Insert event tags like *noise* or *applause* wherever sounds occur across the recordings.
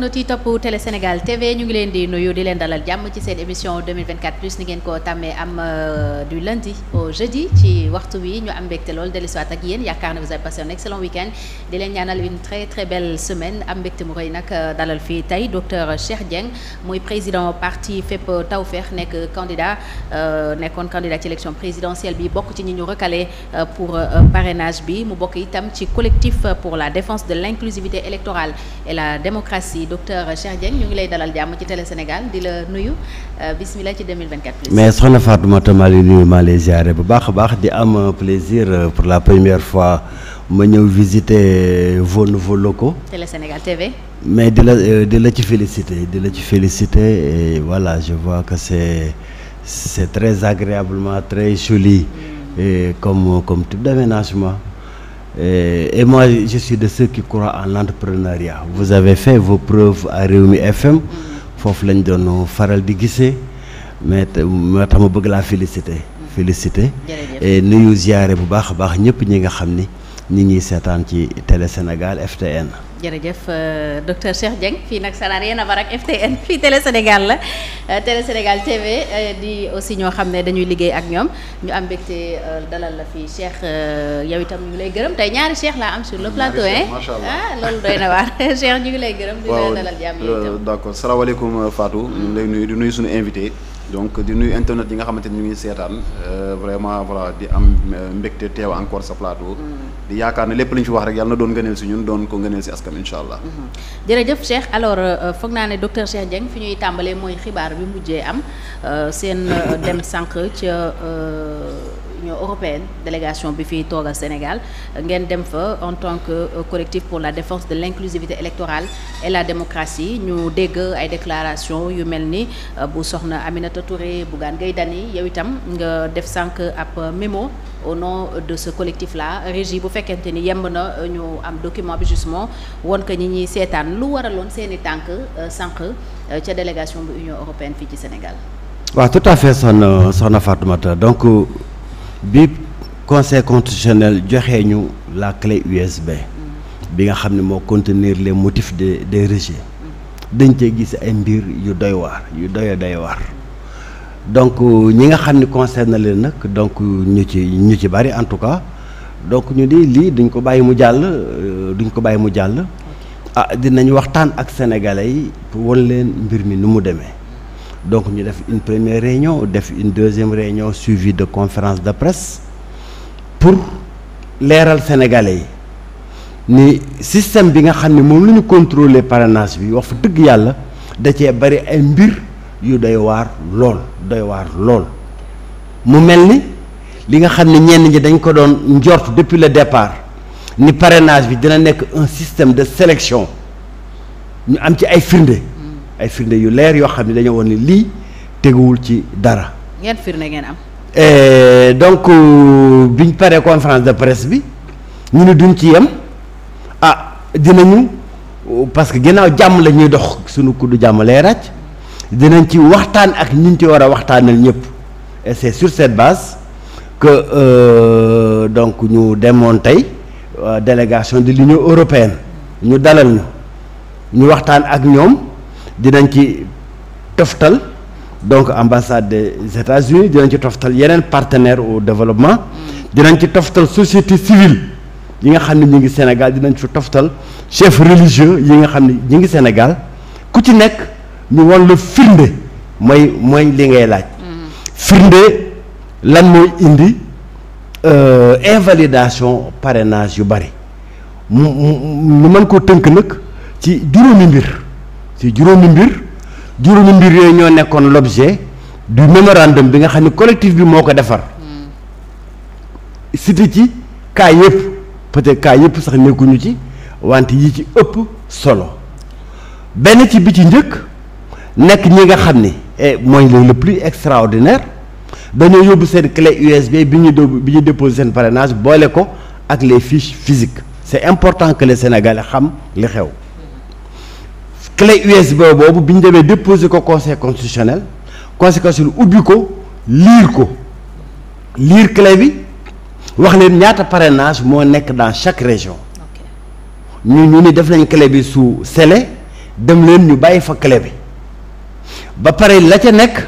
internet yi topp Télé Sénégal TV ñu ngi leen di nuyu di leen dalal jàmm ci seen émission 2024 plus ni ngeen ko tàmmee am euh, du lundi au jeudi ci waxtu wii ñu am mbégte lool dellusiwaat ak yéen yaakaar na vous avez passé un excellent week-end di leen ñaanal une très très belle semaine am mbégte mu rëy nag euh, dalal fii tey docteur Cheikh Dieng muy président parti fépp Tawfekh nekk candidat euh, nekkoon candidat ci élection présidentielle bi bokk ci ñi ñu recalé pour parrainage bi mu bokk itam ci collectif pour la défense de l'inclusivité électorale et docteur Cheikh Dieng ñu ngi lay dalal jàmm ci Télé Sénégal di la nuyu euh, bismillah ci mais soxna Fatoumata maa lay nuyu maa lay bu baax a baax di am euh, plaisir euh, pour la première fois ma ñëw visiter vos nouveaux locaux. Télé Sénégal TV. mais di la di la ci féliciter di la ci féliciter et voilà je vois que c'est c'est très agréablement très joli. Et comme comme type d'aménagement Et, euh, et moi, je suis de ceux qui croient en l'entrepreneuriat. Vous avez fait vos preuves à Rewmi FM. foofu lañ doon faral di gisee mais moo tax ma bëgg laa féliciter féliciter et nuyu ziyaare bu baax a baax ñëpp ñi nga xam ni nit ñi seetaan ci Télé Sénégal FTN. jërëjëf euh, docteur Cheikh Dieng fii nag salaar yéen a bar ak FTN fii Télé Sénégal la euh, Télé Sénégal TV euh, di aussi ñoo xam ne dañuy liggéey ak ñoom ñu am mbégte dalal la fii Cheikh yow itam ñu lay gërëm tey ñaari Cheikh laa am sur le plateau hein ah loolu doy na waar *laughs* Cheikh ñu ngi lay gërëm di la dalal jàmm itam d'accord salaamaaleykum Fatou ñu ngi lay nuyu di nuyu suñu invité donc di nuyu internet yi nga xamante ni ñu ngi seetaan vraiment voilà di am mbégte encore sa yaakaar na lépp lu ñu fi wax rek yàlla na doon ngëneel si ñun doon ko ngëneel si askan incha allah. Mhm. jërëjëf Cheikh alors euh, euh, foog naa ne docteur Cheikh Dieng fi ñuy tàmbalee mooy xibaar bi mujjee am euh, seen dem sànq ca. union européenne délégation bi fii toogal Sénégal ngeen dem fa en tant que euh, collectif pour la défense de l'inclusivité électorale et la démocratie ñu dégg ay déclaration yu mel ni euh, bu soxna Aminata Touré Bougane Gueye Dany yow itam nga def sànq ab mémo au nom de ce collectif la régie bu fekkente ni yemb na euh, ñu am document bi justement woon que ñi ñuy seetaan lu waraloon seeni tànk sànq ca délégation bu Union européenne fii ci Sénégal waaw tout à fait soxna bi conseil constitutionnel joxee ñu la clé USB bi nga xam ne moo contenir les motifs de des rejets dañ cee gis ay mbir yu doy waar yu doy doy waar donc ñi nga xam ne na leen nag donc ñu ci ñu ci bari en tout cas donc ñu di lii duñ ko bàyyi mu jàll euh, duñ ko bàyyi mu jàll ah dinañ waxtaan ak sénégalais yi pour leen mbir mi nu mu demee donc ñu def une première réunion def une deuxième réunion suivie de conférence de presse pour leeral sénégalais yi ni système bi nga xam ne moom la ñu contrôler parrainage bi wax fa dëgg yàlla da cee bari ay mbir yu day waar lool doy waar lool mu mel ni li nga xam ne ñenn ñi dañ ko doon njort depuis le départ ni parrainage bi dina nekk un système de sélection ñu am ci ay firnde ay firnde yu leer yoo xam ne dañoo woon ne lii teguwul ci dara. ngeen firnde ngeen am. Eh, donc euh, biñ paree conférence de presse bi ñu ne duñ ci yem ah dinañu parce que ginnaaw jàmm la ñuy dox suñu kuddu jàmm lay ràcc dinañ ci waxtaan ak ñu ñu ci war a waxtaanal ñëpp et c'est sur cette base que euh, donc ñu demoon tey euh, délégation de l'Union européenne ñu dalal ñu ñu waxtaan ak ñoom. dinañ ci toftal donc ambassade des États-Unis dinañ ci toftal yeneen partenaire au développement dinañ ci toftal société civile yi nga xam ne ñi ngi Sénégal dinañ ci toftal chef religieux yi nga xam ne ñu ngi Sénégal ku ci nekk ñu wan la firnde mooy mooy li ngay laaj mm-hmm. firnde lan mooy indi euh, invalidation parrainage yu bari mu mu mën koo tënk nag ci juróomi mbir ci juróomi mbir juróomi mbir yooyu ñoo nekkoon l'objet du mémorandum bi nga xam ne collectif bi moo ko defar cité ci cas yëpp peut-être cas yëpp sax nekkuñu ci wante yi ci ëpp solo benn ci bi ci njëkk nekk ñi nga xam ni eh, mooy le le plus extraordinaire dañoo yóbbu seen clé USB bi ñu bi ñu déposé seen parrainage boole ko ak les fiches physiques c'est important que les xam li xew clé USB boobu bi ñu demee déposé ko conseil constitutionnel conseil constitutionnel ubbi ko liir ko liir clé bi wax leen ñaata parrainage moo nekk dans chaque région ñu ñu ni def nañ clé bi su sele dem leen ñu bàyyi fa clé bi ba pare la ca nekk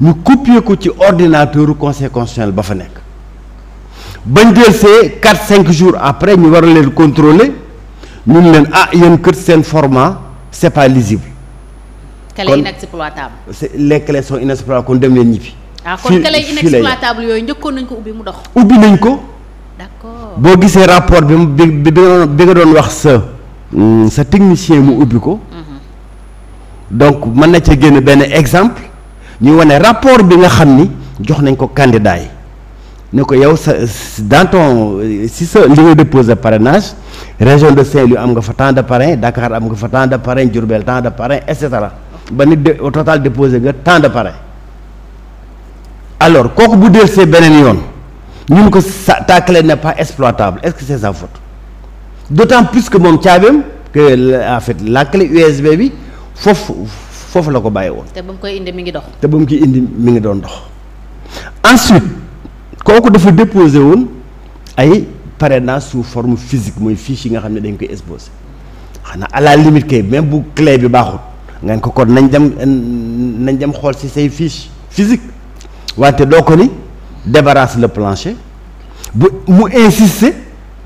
ñu copier ko ci ordinateur conseil constitutionnel ba fa nekk bañ del see quatre cinq jours après ñu war leen contrôler ñun leen ah yéen kër seen format c'est pas lisible. kon inexploitable les clés sont inexploitables kon dem leen ñibbi. ah kon clé inexploitable yooyu njëkkoon nañ ko ubbi mu dox. ubbi nañ ko. d'accord boo gisee rapport bi bi bi nga doon wax sa mm, sa technicien mu ubbi ko. Mm-hmm. donc mën na ci génn benn exemple ñu wane rapport bi nga xam ni jox nañ ko candidat ne ko yow sa dans si sa li nga déposé parrainage région de Saint-Louis am nga fa tant de parrain Dakar am nga fa tant de parrain Diourbel tant de parrain et cetera ba nit de au total déposé nga tant de parrain alors kooku bu dellusee beneen yoon ñun ko sa ta clé n'est exploitable est-ce que c'est sa faute d'autant plus que moom caabeem que en fait la USB bi foofu foofu la ko bàyyi woon. te ba mu koy indi mi ngi dox. te ba mu koy indi mi ngi doon dox kooku dafa déposé woon ay parrainage sous forme physique mooy fiche yi nga xam ne dañ koy exposé xanaa à la limite kay même bu clé bi baaxul nga ko kon nañ dem nañ dem xool ci say fiche physique wante doo ko ni débarrasse le plancher bu mu insister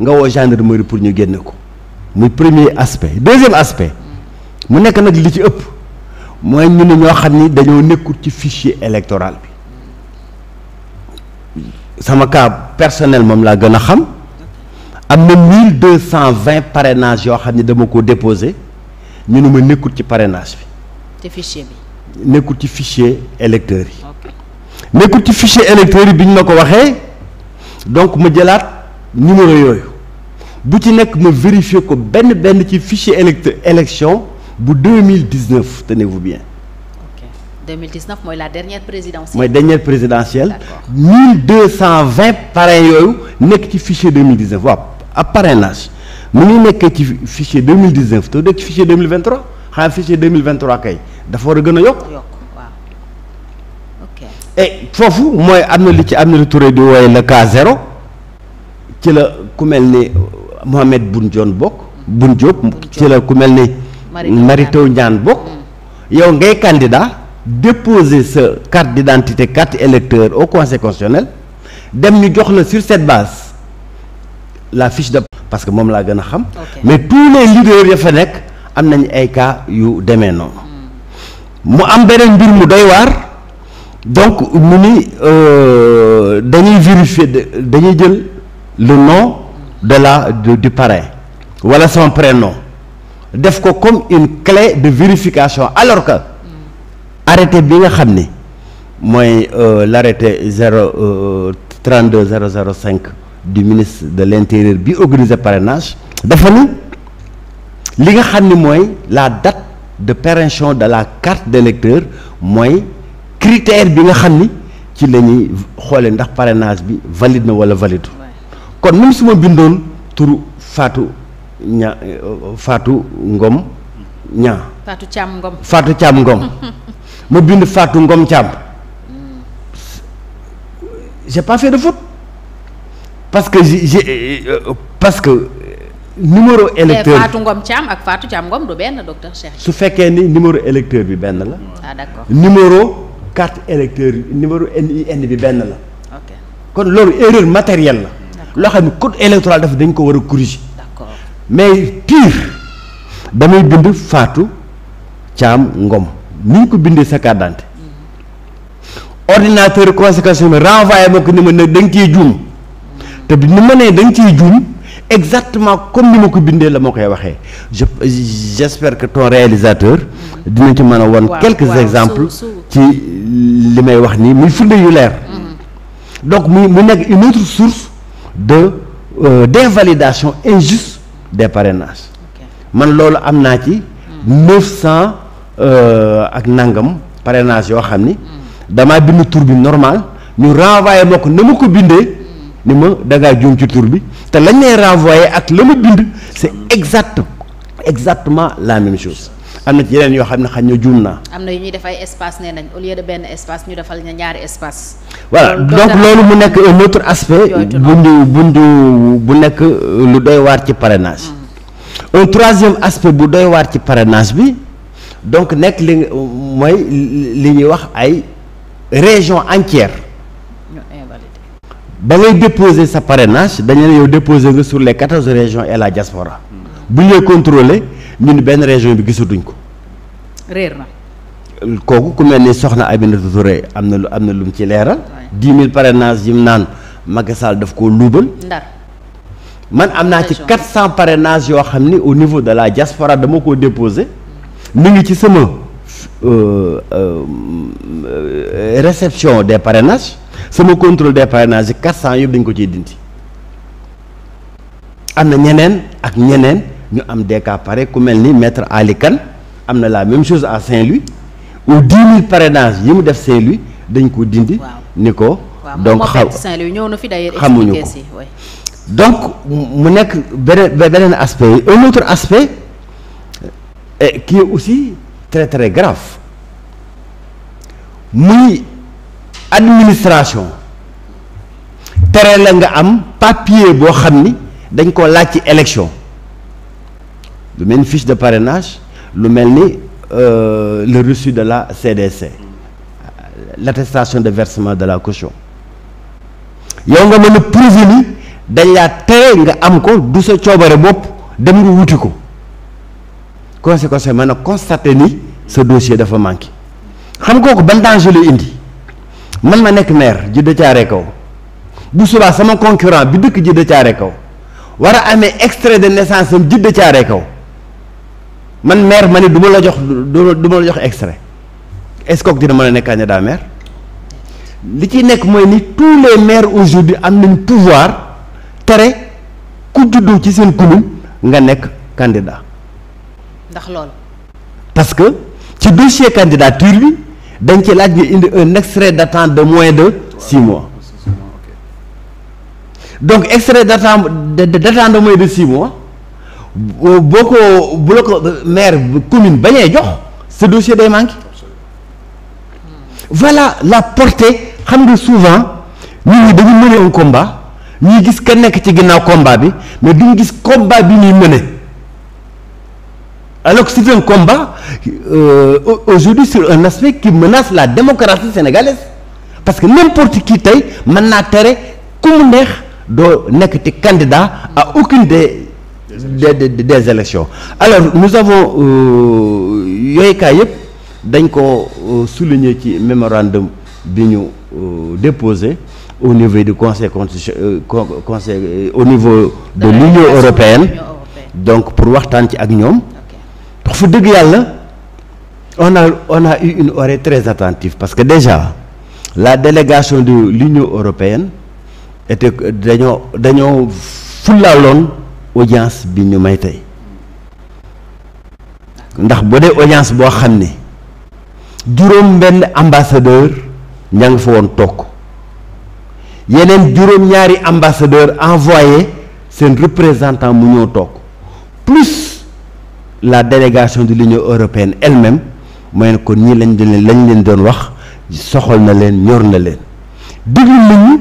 nga woo genre gendarmerie pour ñu génn ko muy premier aspect deuxième aspect mu nekk nag li ci ëpp mooy ñu ne ñoo xam ni dañoo nekkul ci fichier électoral bi sama cas personnel moom laa gën a xam am na mille deux cent vingt parrainage yoo xam ne dama ko déposé ñu ne ma nekkul ci parrainage bi. te fichier bi. nekkul ci fichier électeurs yi. ci fichier électeurs yi bi ñu ma ko waxee donc ma jëlaat numéro yooyu bu ci nekk ma vérifier ko benn benn ci fichier élect élection bu deux mille dix neuf tenez-vous bien. 2019 mooy la dernière présidentielle. mooy dernière présidentielle. mille cent vingt parrains yooyu nekk ci fichier 2019 waaw ab parrainage mu ngi nekk ci fichier 2019 te nekk ci fichier 2023 xanaa fichier 2023 kay dafa war a gën a yokk. et foofu mooy am na li ci am na lu Touré di wooye le cas zéro ci la ku mel ni euh, Mohamed Boun Dionne bokk Boun Diop ci la ku mel ni Mary Teuw Niane bokk mm. yow ngay candidat déposer sa carte d'identité carte électeur au conseil constitutionnel dem ñu jox la sur cette base la fiche de parce que moom laa gën a xam mais tous les leaders ya fa nekk am nañu ay cas yu demee noonu hmm. mu am beneen mbir mu doy waar donc mu ni euh, dañuy vérifier dañuy jël le nom de la de, du parrain wala voilà son prénom def ko comme une clé de vérification alors que arrêté bi nga xam ni mooy euh, l' arrêté zéro 32 euh, cinq du ministre de l' intérieur bi organiser parrainage dafa ni li nga xam ni mooy la dat de pérention de la carte délecteur mooy critère bi nga xam ni ci la ñuy xoolee ndax parrainage bi valide na wala valide kon même su ma bindoon turu Fatou ña euh, Fatou Ngom ñaa Fatou Thiam Ngom Fatou Thiam Ngom *laughs* ma bind Fatou Ngom Thiam j'ai pas fait que parce que euh, euh, numéro électeur Fatou Ngom Thiam ak Fatou Thiam Ngom du benn su fekkee ni numéro électeur bi benn la ah d'accord numéro carte électeur numéro NIN bi benn la kon loolu erreur matérielle la loo xam ne code électoral dafa dañ ko war a corriger d'accord mais pire damay bind Fatou Thiam Ngom ni ko bindee sa carte d'identité ordinateur conséquence bi renvoyé ma ko ni ma ne da nga ciy te bi ni ma nee da nga ciy juum exactement comme ni ma ko bindee la moo koy waxee je j'espère que ton réalisateur dina ci mën a won quelques exemples ci li may wax nii muy firnde yu leer mm-hmm. donc muy mu nekk une autre source de euh, d'invalidation injuste des parrainages man loolu am naa ci mm-hmm. cent Euh, ak nangam parrainage yoo xam ni damaa bind tour bi normal ñu renvoyé ma ko na ma ko bindee ni ma dangaa juum ci tour bi te lañ lay renvoyé ak la ma bind c'est exact exactement la même chose am na ci yeneen yoo xam ne xañ na juum naa. am na yu ñuy def ay espace nee au lieu benn espace ñu defal ñu ñaari espace voilà donc loolu mu nekk un autre aspect bu ñu bu ñu bu nekk euh, lu doy waar ci parrainage mm. un troisième aspect bu doy waar ci parrainage bi donc nekk li mooy li ñuy wax ay région entière ba ngay déposer sa parrainage dañu ne yow déposer nga sur les quatorze régions et la diaspora hmm. bu ñu lay contrôler ñun benn région bi gisatuñ ko réer na kooku ku mel ni soxna Aminata Touré am na lu am na lu mu ci leeral dix mille parrainages yi mu naan Macky Sall daf koo luubal man am naa ci quatre cent parrainages yoo xam ni au niveau de la diaspora dama koo déposer mi ngi ci sama euh, euh, euh, réception des parrainages sama contrôle des parrainages yi 400 yëpp dañ ko ciy dindi am na ñeneen ak ñeneen ñu am des cas pareils ku mel ni maître Ali Kane am na la même chose à Saint-Louis où 10 000 parrainages yi mu def Saint-Louis dañ ko dindi. ni ko donc xaw ñëw na fi d'ailleurs xamuñu ko donc mu nekk beneen beneen aspect un autre aspect. et aussi très très grave muy administration tere la nga am papier boo xam ni dañ ko laaj ci élection lu mel ni fiche de parrainage lu mel ni euh, le reçu de la CDC l'attestation de versement de la caution yow nga mën a prouver ni dañ laa tere nga am ko du sa coobare bopp dem nga wuti ko conseil conseil mën a constaté ni sa dossier dafa manqué xam kooku ban danger lay indi man ma nekk maire Djiddah Thiaroye Kaw bu subaa sama concurrent bi dëkk Djiddah caaree Kaw war a amee extrait de naissance am Djiddah Thiaroye Kaw man maire ma ne duma la jox du ma la jox extrait est-ce que kooku dina mën a nekk candidat maire li ci nekk mooy ni tous les maires aujourd'hui am nañu pouvoir tere ku juddu ci seen commune nga nekk candidat ndax loolu. parce que ci dossier candidature bi dañ ci laaj bi indi un extrait d'attente de moins de six mois donc extrait d'attente d'attente de moins de six mois boo ko bu la ko maire commune bañee jox ce dossier day manqué voilà la portée xam nga souvent nit ñi dañu mëne un combat ñuy gis ka nekk ci ginnaaw combat bi mais duñu gis combat bi ñuy mëne alors que c'est un combat euh, aujourd'hui sur un aspect qui menace la démocratie sénégalaise parce que n'importe qui tey mën naa tere ku mu neex doo nekkati candidat à aucune des des, des, des élections alors nous avons euh, yooyu cas yëpp dañ ko euh, souligner ci mémorandum bi ñu euh, déposé au niveau de conseil conseil au niveau de l'Union européenne donc pour waxtaan ci ak ñoom wax fa dëgg yàlla on a on a eu attentive parce que déjà la délégation de l'Union européenne était dañoo dañoo fullaaloon audience bi ñu may tey ndax bu dee audience boo xam ni juróom benn ambassadeur ña nga fa woon toog yeneen juróom-ñaari ambassadeur envoyé seen représentant mu ñëw toog la délégation di l'Union européenne elle-même mooy ne kon ñii lañ leen lañ leen doon wax soxol na leen ñor na leen déglu nañu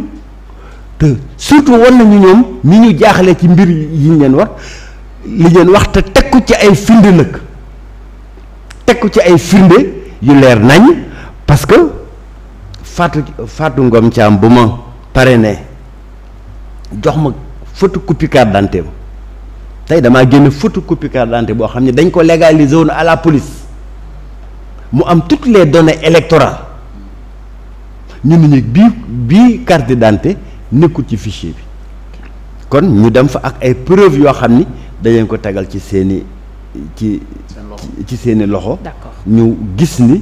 te surtout war nañu ñoom ñi ñu jaaxlee ci mbir yi ñu leen war li leen wax te tekku ci ay firnde nag tekku ci ay firnde yu leer nañ parce que Fatou Fatou Ngom Thiam bu ma pare ne jox ma photocopie carte d'identité tey damaa génn photocopie carte d'identité boo xam ne dañ ko légaliser woon à la police mu am toutes les données électorales ñu ne ñu bii bii carte d'identité nekkul ci fichier bi kon ñu dem fa ak ay preuves yoo xam ni dañ ko tegal ci seeni ci ci seeni loxo ñu gis ni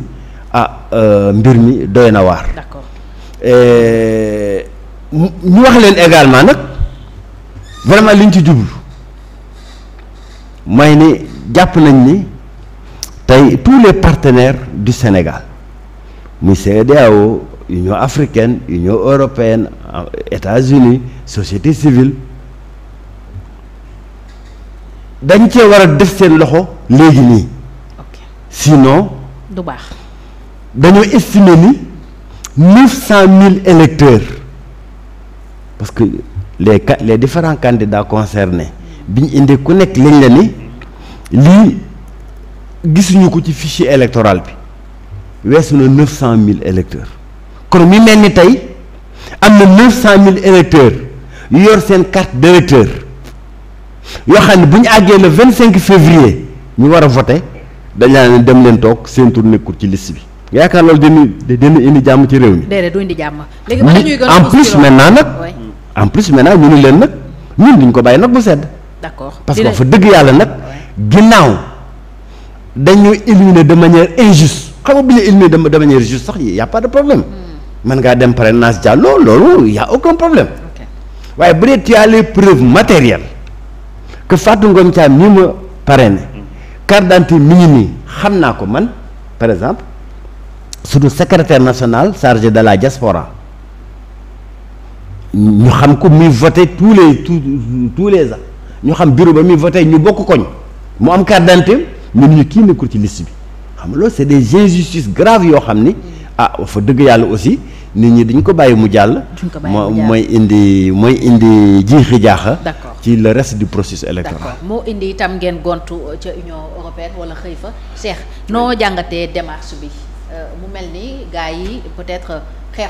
ah euh, mbir mi doy na waar ñu wax leen également nag vraiment liñ ci jublu may ni jàpp nañ ni tey tous les partenaires du Sénégal muy CEDEAO Union africaine Union européenne États-Unis société civile dañ cee war a def seen loxo léegi nii sinon du baax dañoo estimer ni neuf cent mille électeurs parce que les les différents candidats concernés bi ñu indee ku nekk lañ la ni lii gisuñu ko ci fichier électoral bi weesu na neuf cent mille électeurs kon mi mel ni tey am na neuf cent mille électeurs yu yor seen carte d'électeur yoo xam ne bu ñu àggee le vingt cinq février ñu war a voté dañ laa ne dem leen toog seen tur nekkul ci list bi nga yaakaar loolu dina dina indi jàmm ci réew mi. déedéet du indi jàmm. léegi en plus maintenant nag. en plus maintenant ñu ni leen nag ñun duñ ko bàyyi nag bu sedd. d'accord parce que fa dëgg yàlla nag ginnaaw dañu éliminer de manière injuste xam nga bu ñu éliminer de manière juste sax y a problème hmm. mën ngaa dem parrainage Diallo loolu y a aucun problème waaye bu dee tu as les preuves matérielles que Fatou Ngom Thiam mi ma parrainé carte d'identité mi ngi nii xam naa ko man par exemple suñu secrétaire national chargé de la diaspora ñu xam ko muy voté tous les tous tous les ans ñu xam bureau ba muy voté ñu bokk koñ mu am carte d'identité ñu ne ñu kii nekkul ci liste bi xam loolu c'est des injustices graves yoo xam ni ah fa dëgg yàlla aussi nit ñi dañ ko bàyyi mu jàll. moo mooy indi mooy indi jiixi jaaxa. ci le reste du processus électoral. d'accord moo indi itam ngeen gontu ca Union européenne wala xëy fa seex noo jàngatee démarche bi euh, mu mel ni gars yi peut-être.